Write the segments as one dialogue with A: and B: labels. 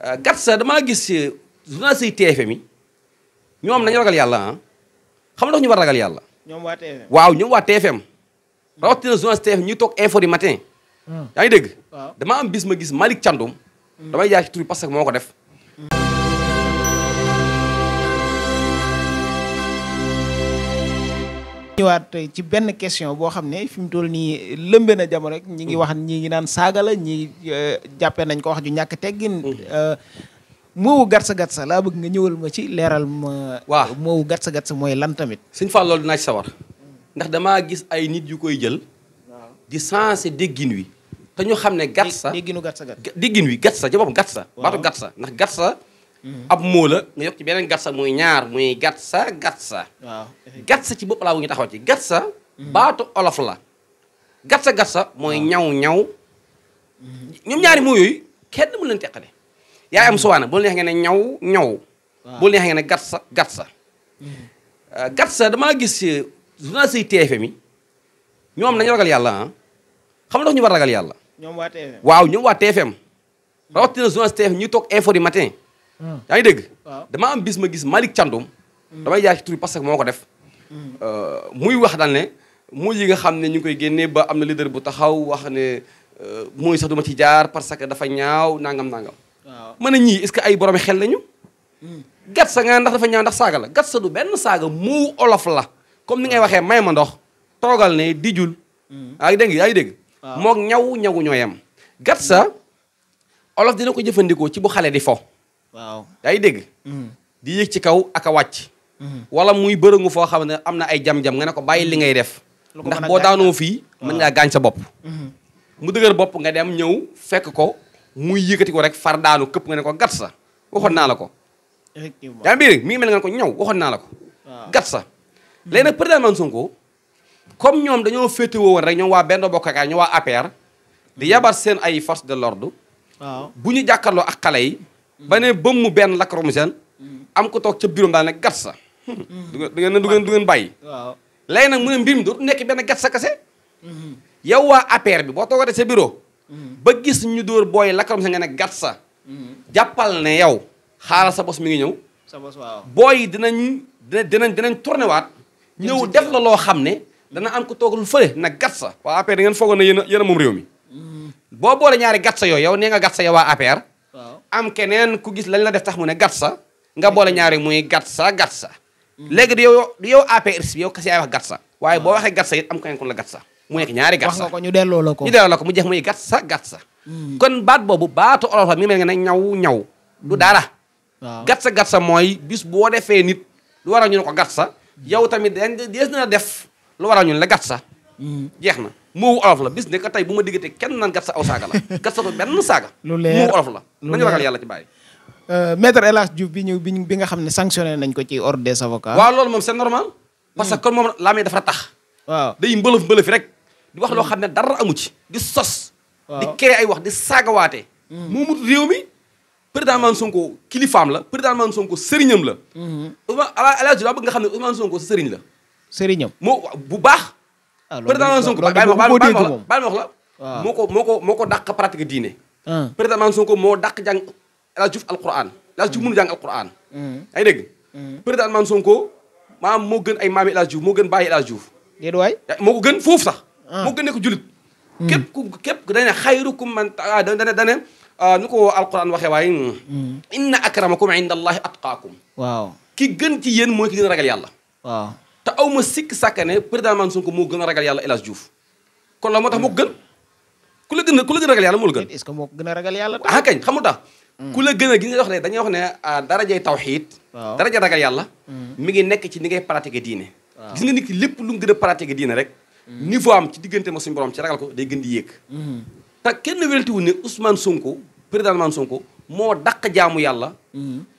A: Euh, gàtt sa damaa gis journaliste yi TFM yi ñoom nañu ragal yàlla ah xam nga ñu war ragal yàlla. ñoom waaw ñoom waa TFM. rawatina journaliste TFM ñu toog info du matin. Hmm. yaa ngi dégg. dama am bis ma gis Malick Thiandoum. Hmm. damay jaay ci tur parce que moo ko def. ñëwaat ci benn question boo xam ne fi mu toll nii lëmbe na jamono rek ñi ngi wax ñi ngi naan saaga la ñi euh, jàppee nañ ko wax ju ñàkk teggin mmh. euh, moowu gatsa gatsa laa bëgg nga ñëwal ma ci leeral ma waaw moowu gatsa gatsa mooy lan tamit suñ fàl loolu dinaa ci sawar ndax damaa gis ay nit yu koy jël di sensé déggin wi te ñu xam ne gatsa dégginu gatsa gatsa déggin wi gatsa ci boppam gatsa baatu gatsa ndax gatsa Mm-hmm. ab moo la nga yokk ci beneen gatsa mooy ñaar muy gatsa gatsa. waaw gatsa ci bopp wu ñu taxaw ci gatsa. Mm-hmm. baatu olof la. gatsa gatsa mooy ñaw ñaw. Mm-hmm. ñoom ñaari moo yooyu kenn mu leen teqale. yaa am suwaana bu neex ñaw ñaw. bu neex nga ne gatsa gatsa. Euh, gatsa damaa gis euh, journaliste yi TFM mi ñoom nañu ragal yàlla ah xam nga ñu war ragal yàlla. ñoom waa TFM waaw ñoom waa TFM. rawatina journaliste TFM ñuy toog info du matin. yaa ngi dégg. dama am bis ma gis Malick Thiandoum. Hmm. damay jaay ci tur parce que moo ko def. Hmm. Euh, muy wax daal ne mooy yi nga xam ne ñu koy génnee ba am na leader bu taxaw wax ne euh, mooy sax ma ci jaar parce que dafa ñaaw nangam naa waaw ma ne ñii est-ce que ay borom xel lañu. Hmm. gat sa nga ndax dafa ñaaw ndax saaga la gat sa du benn saaga mu olof la comme ni ngay waxee may ma ndox toogal ne dijul. yaa ngi dégg yaa ngi dégg. moog ñaw ñawu ñoo yem. gat sa olof dina ko jëfandikoo ci bu xale di fo. waaw yaa dégg. Mm-hmm. di yéeg ci kaw aka a wàcc. Mm-hmm. wala muy bërëngu foo xam ne am na ay jam-jam nga ne ko bàyyi li ngay def. ndax boo daanoo fii mën ngaa gaañ sa mm-hmm. mu dëgër bopp nga dem ñëw fekk ko muy yëkkati ko rek far daanu këpp nga ne ko gat sa waxoon naa la ko. effectivement yaa ngi dégg mel nga ne ko ñëw waxoon naa la ko. gat sa léegi nag président Ousmane Sonko comme ñoom dañoo woo woon rek ñoom waa benn Bokk Yaakaar ñoom waa APR. di yabar seen ay force de l'ordre bu ñu jàkkaarloo ak xale ba ne mu benn lacrymogène am ko toog ca bureau daa ne gat sa du ngeen du ngeen du ngeen bàyyi léegi nag mu ne mbir mi dootu nekk benn gat sa kase yow waa APR bi boo toogatee sa bureau ba gis ñu dóor booy lacrymogène nga ne gat sa jàppal ne yow xaaral sa bos mi ngi ñëw sa bos waaw booy dinañ dinañ dinañ tourné waat ñëw def la loo xam ne dana am ko toog lu fële na gat sa waa APR da ngeen foogoon ne yéen a moom réew mi mm-hmm. boo boole ñaari gat sa yooyu yow nee nga gat sa yow waa APR am keneen ku gis lañ la def tax mu ne gatsa nga boole ñaari muy gatsa gatsa léegi du yow du yow APRS bi yow kasi yaay wax gatsa waaye boo ah. waxee gatsa it am keneen ku la gatsa mu nekk ñaari gatsa wax nga ko ñu delloo ko ñu delloo la ko mu jeex muy gatsa hmm. kon baat boobu baatu olof mi mel nga ne ñaw ñaw du hmm. dara waaw gatsa gatsa mooy bis boo defee nit lu war a ñu ne ko gatsa hmm. yow tamit dañ dees na def lu war a ñun la gatsa jeex na moowu olof la bis ne ka bu ma diggatee kenn naan gat sa aw saaga la gat sa benn saaga lu leer moowu olof la nañu ragal yàlla ci bàyyi euh, maître El bi ñu bi bi nga xam ne sanctionné nañ ko ci ordre des avocats waaw loolu moom c'est normal parce que kon moom laa mee dafa tax waaw day mbëlëf mbëlëf rek di wax loo xam ne dara amu ci di sos di créer ay wax di saagawaatee hmm. moomut réew mi président Ousmane Sonko kilifaam la président Ousmane Sonko sëriñam la hmm. Ousmane El Hadj Diouf bëgg nga xam ne Ousmane Sonko sëriñ la sëriñam bu baax Ah, président Ousmane Sonko baal ma wax la waaw ah. moo ko moo ko moo ko dàq pratique diine. Ah. président Ousmane Sonko moo dàq jàng El Hadj Diouf alquran El Hadj Diouf mm. mënu jàng alquran. Mm. yaa ngi dégg. Mm. président Ousmane Sonko maam moo gën ay maami El Hadj Diouf moo gën bàyyi El Hadj Diouf. déedéet waay moo ko gën foofu sax. moo gën nekk julit. képp ku képp dañuy xayrukum man ah dana dana nu ko alquran waxee waaye. inna akramakum inda allahi atqaakum. waaw ki gën ci yéen mooy ki gën a ragal yàlla. waaw. te aw ma sikk sàkkane président Mansour Sonko moo gën a ragal yàlla El Hadj Diouf kon la moo tax moo gën ku la gën a ku la gën a ragal yàlla moo gën. est-ce que moo gën a ragal ah, hmm. la gën a gi ñuy wax ne dañuy wax ne ah, darajay tawxiid. waaw darajay ragal yàlla. Hmm. mi ngi nekk ci ni ngay pratiquer diine. gis nga lépp lu gën a pratiquer diine rek. Hmm. niveau am ci diggante ma suñu borom ci ragal ko day gën di yéeg. te kenn wératiwul ne Ousmane Sonko président Mansour Sonko moo dàq jaamu yàlla.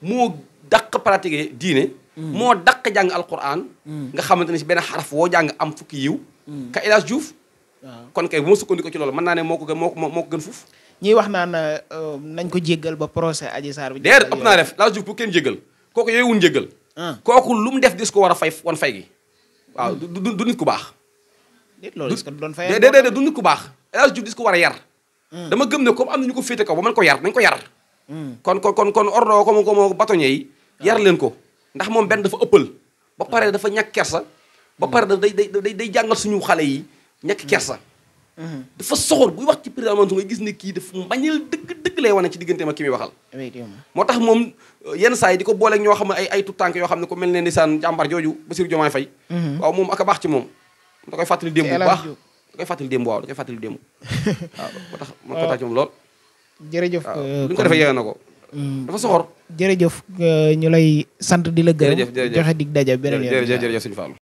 A: moo daq pratiquer diine. moo daq jàng alquran nga xamante ne si benn xaraf woo jàng am fukki yiw ka El Hadj Diouf kon kay bu ma ko ci loolu mën naa ne moo ko gën moo ko moo ko gën fuuf ñuy wax naan nañ ko jéggal ba procès Adji Sarr bi déer ëpp naa def El bu kenn jéggal kooku yooyuwun jéggal kooku lu mu def dis ko war a fay wan fay gi waaw du du nit ku baax déedéet du nit ku baax El Hadj ko war a yar dama gëm ne comme am nañu ko féete kaw ba mën ko yar nañ ko yar kon kon kon kon ordoo ko moo ko moo bâtonnier yi yar leen ko ndax moom benn dafa ëppal ba pare dafa ñàkk kersa ba pare daf day day day jàngal suñu xale yi ñàkk kersa dafa soxor buy wax ci président Mansour nga gis ne kii dafa mbañal dëgg dëgg lay wane ci diggante ma ki muy waxal moo tax moom euh, yenn saa yi di ñoo xam ne ay ay tutànk yoo xam ne ko mel ne ndeysaan jàmbar jooju Bassirou Diomaye Faye mhm. waaw moom ak a baax ci moom da koy fàttali démb bu baax da koy fàttali démb waaw da koy fàttali démb waaw moo tax man ko moom lool jërëjëf lu euh, ñu ko defee yeewee na ko dafa mm. soxor. jërëjëf euh, ñu lay sant di la gërëm. joxe dig daja beneen yoon jërëjëf jërëjëf Sëñ Fall